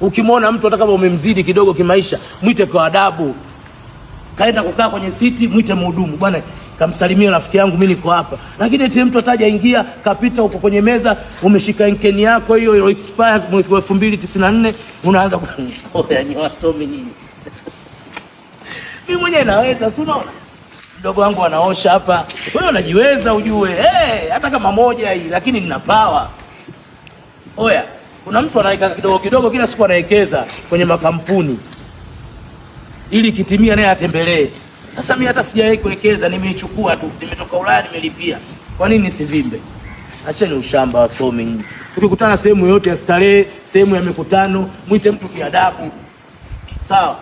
Ukimwona mtu hata kama umemzidi kidogo kimaisha, mwite kwa adabu. Kaenda kukaa kwenye siti, mwite mhudumu, bwana, kamsalimia rafiki yangu, mimi niko hapa. Lakini eti mtu ataja ingia, kapita huko kwenye meza, umeshika enkeni yako hiyo ile expire mwaka 2094 unaanza wasomi nini? mimi mwenyewe naweza, si unaona mdogo wangu anaosha hapa, wewe unajiweza, ujue hey, hata kama moja hii, lakini nina power. Oya. Kuna mtu anaweka kidogo kidogo, kila siku anawekeza kwenye makampuni ili kitimia naye atembelee. Sasa mimi hata sijawahi kuwekeza, nimeichukua tu, nimetoka Ulaya nimelipia. Kwa nini nisivimbe? Acheni ushamba, wasomi. Tukikutana sehemu yote ya starehe, sehemu ya mikutano, mwite mtu kiadabu, sawa?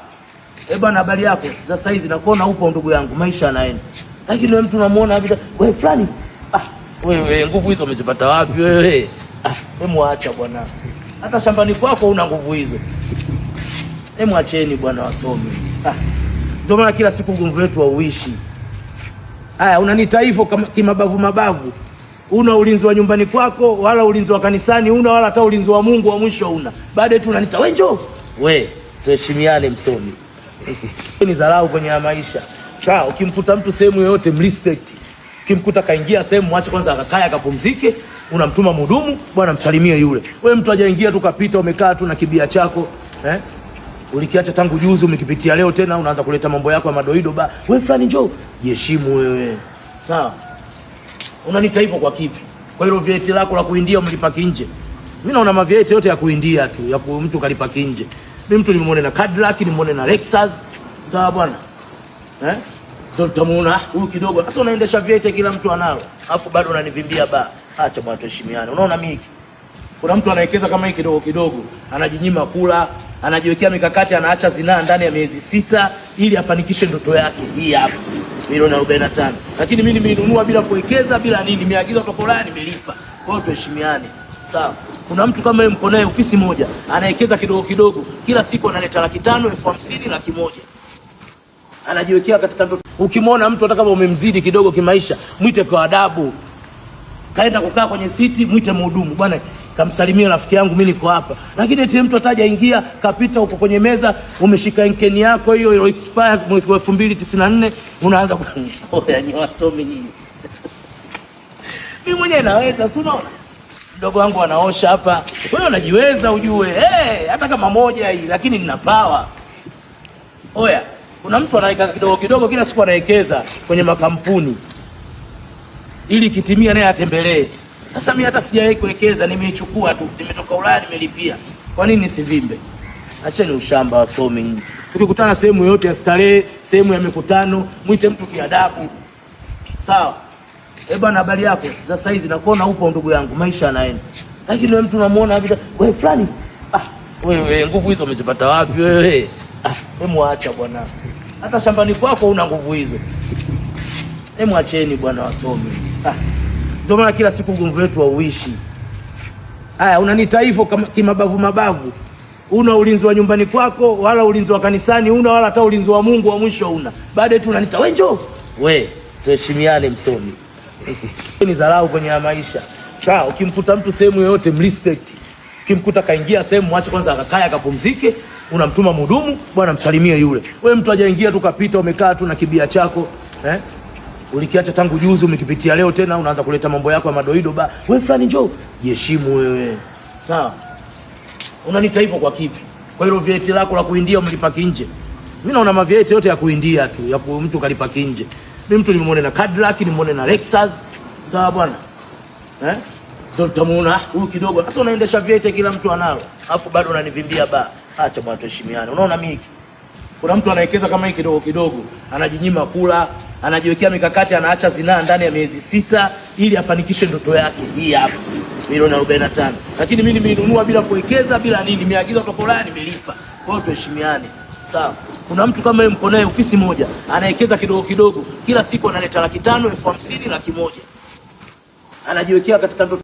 Eh bwana, habari yako za saa hizi? Nakuona upo ndugu yangu, maisha yanaenda. Lakini wewe mtu unamuona hivi, wewe fulani, ah, wewe nguvu hizo umezipata wapi wewe? Ah, hebu acha bwana hata shambani kwako una nguvu hizo. acheni bwana wasomi. Ah, ndio maana kila siku ugomvi wetu hauishi. Haya, unaniita hivyo kimabavu mabavu, una ulinzi wa nyumbani kwako wala ulinzi wa kanisani una wala hata ulinzi wa Mungu wa mwisho una, baadaye tu unaniita wewe, njoo we. Tuheshimiane msomi ni dharau kwenye maisha. Sawa, ukimkuta mtu sehemu yoyote mrespect. Ukimkuta kaingia sehemu, mwache kwanza akakaa akapumzike unamtuma mhudumu, bwana msalimie yule. We mtu hajaingia tu kapita, umekaa tu na kibia chako eh? Ulikiacha tangu juzi, umekipitia leo tena unaanza kuleta mambo yako ya madoido ba. We fulani njoo, jiheshimu wewe, sawa? Unanita hivyo kwa kipi? Kwa hilo vieti lako la kuindia umelipaki nje. Mimi naona mavieti yote ya kuindia tu ya ku mtu kalipaki nje. Mimi mtu nimemwona na Cadillac, nimemwona na Lexus, sawa bwana eh? Tutamuona huyu kidogo sasa, unaendesha vyeti kila mtu anao. afu bado unanivimbia ba Acha bwana, tuheshimiane. Unaona mimi kuna mtu anawekeza kama hii kidogo kidogo, anajinyima kula, anajiwekea mikakati, anaacha zinaa ndani ya miezi sita ili afanikishe ndoto yake hii hapa, milioni 45. Lakini mimi nimeinunua bila kuwekeza, bila nini, nimeagiza kutoka Ulaya, nimelipa. Kwa hiyo tuheshimiane, sawa? Kuna mtu kama yeye, mko naye ofisi moja, anawekeza kidogo kidogo, kila siku analeta laki tano, elfu hamsini, laki moja anajiwekea katika ndoto. Ukimwona mtu hata kama umemzidi kidogo kimaisha, mwite kwa adabu kaenda kukaa kwenye siti, mwite mhudumu, bwana kamsalimia rafiki yangu, mimi niko hapa. Lakini eti mtu ataja ingia, kapita huko kwenye meza, umeshika enkeni yako hiyo ile expire mwaka 2094 unaanza Ni wasomi nyinyi. Mimi mwenyewe naweza, si unaona mdogo wangu anaosha hapa, wewe unajiweza ujue. Hey, hata kama moja hii, lakini nina power. Oya, kuna mtu anaweka kidogo kidogo, kila siku anawekeza kwenye makampuni ili kitimia naye atembelee. Sasa mimi hata sijawahi kuwekeza, nimeichukua tu, nimetoka Ulaya nimelipia. Kwa nini nisivimbe? Acheni ushamba, wasome nyinyi. Tukikutana sehemu yoyote ya starehe, sehemu ya mikutano, mwite mtu kiadabu, sawa? Eh bwana, habari yako za saa hizi? Nakuona upo ndugu yangu, maisha yanaenda. Lakini wewe mtu unamuona hivi, wewe fulani, ah, wewe nguvu hizo umezipata wapi wewe? Ah, hebu muacha bwana, hata shambani kwako una nguvu hizo. Hebu acheni bwana, wasomi. Ndio maana kila siku ugomvi wetu hauishi. Haya, unaniita hivyo kimabavu mabavu, una ulinzi wa nyumbani kwako wala ulinzi wa kanisani una wala hata ulinzi wa Mungu wa mwisho una, baadaye tu unaniita wewe, njoo we, tuheshimiane msomi ni dharau kwenye maisha. Sawa, ukimkuta mtu sehemu yoyote mrespect. Ukimkuta kaingia sehemu mwache kwanza akakaya akapumzike, unamtuma mhudumu, bwana msalimie yule. We mtu hajaingia tu kapita, umekaa tu na kibia chako eh? ulikiacha tangu juzi, umekipitia leo tena unaanza kuleta mambo yako ya madoido ba. Wewe fulani njoo jiheshimu wewe, sawa? Unanita hivyo kwa kipi? Kwa hilo vieti lako la kuindia umelipaki nje. Mimi naona mavieti yote ya kuindia tu ya ku, mtu kalipaki nje. Mimi mtu nimemwona na Cadillac, nimemwona na Lexus, sawa bwana eh? Ndio tutamuona ah, huyu kidogo. Sasa unaendesha vieti kila mtu analo, afu bado unanivimbia ba. Acha bwana, tuheshimiane. Unaona mimi kuna mtu anawekeza kama hii kidogo kidogo, anajinyima kula anajiwekea mikakati, anaacha zinaa ndani ya miezi sita ili afanikishe ndoto yake hii hapa, milioni arobaini na tano. Lakini mimi nimeinunua bila kuwekeza bila nini, nimeagiza kutoka nimelipa. Kwa hiyo tuheshimiane, sawa? Kuna mtu kama yeye, mko naye ofisi moja, anawekeza kidogo kidogo, kila siku analeta laki tano, elfu hamsini, laki moja, anajiwekea katika ndoto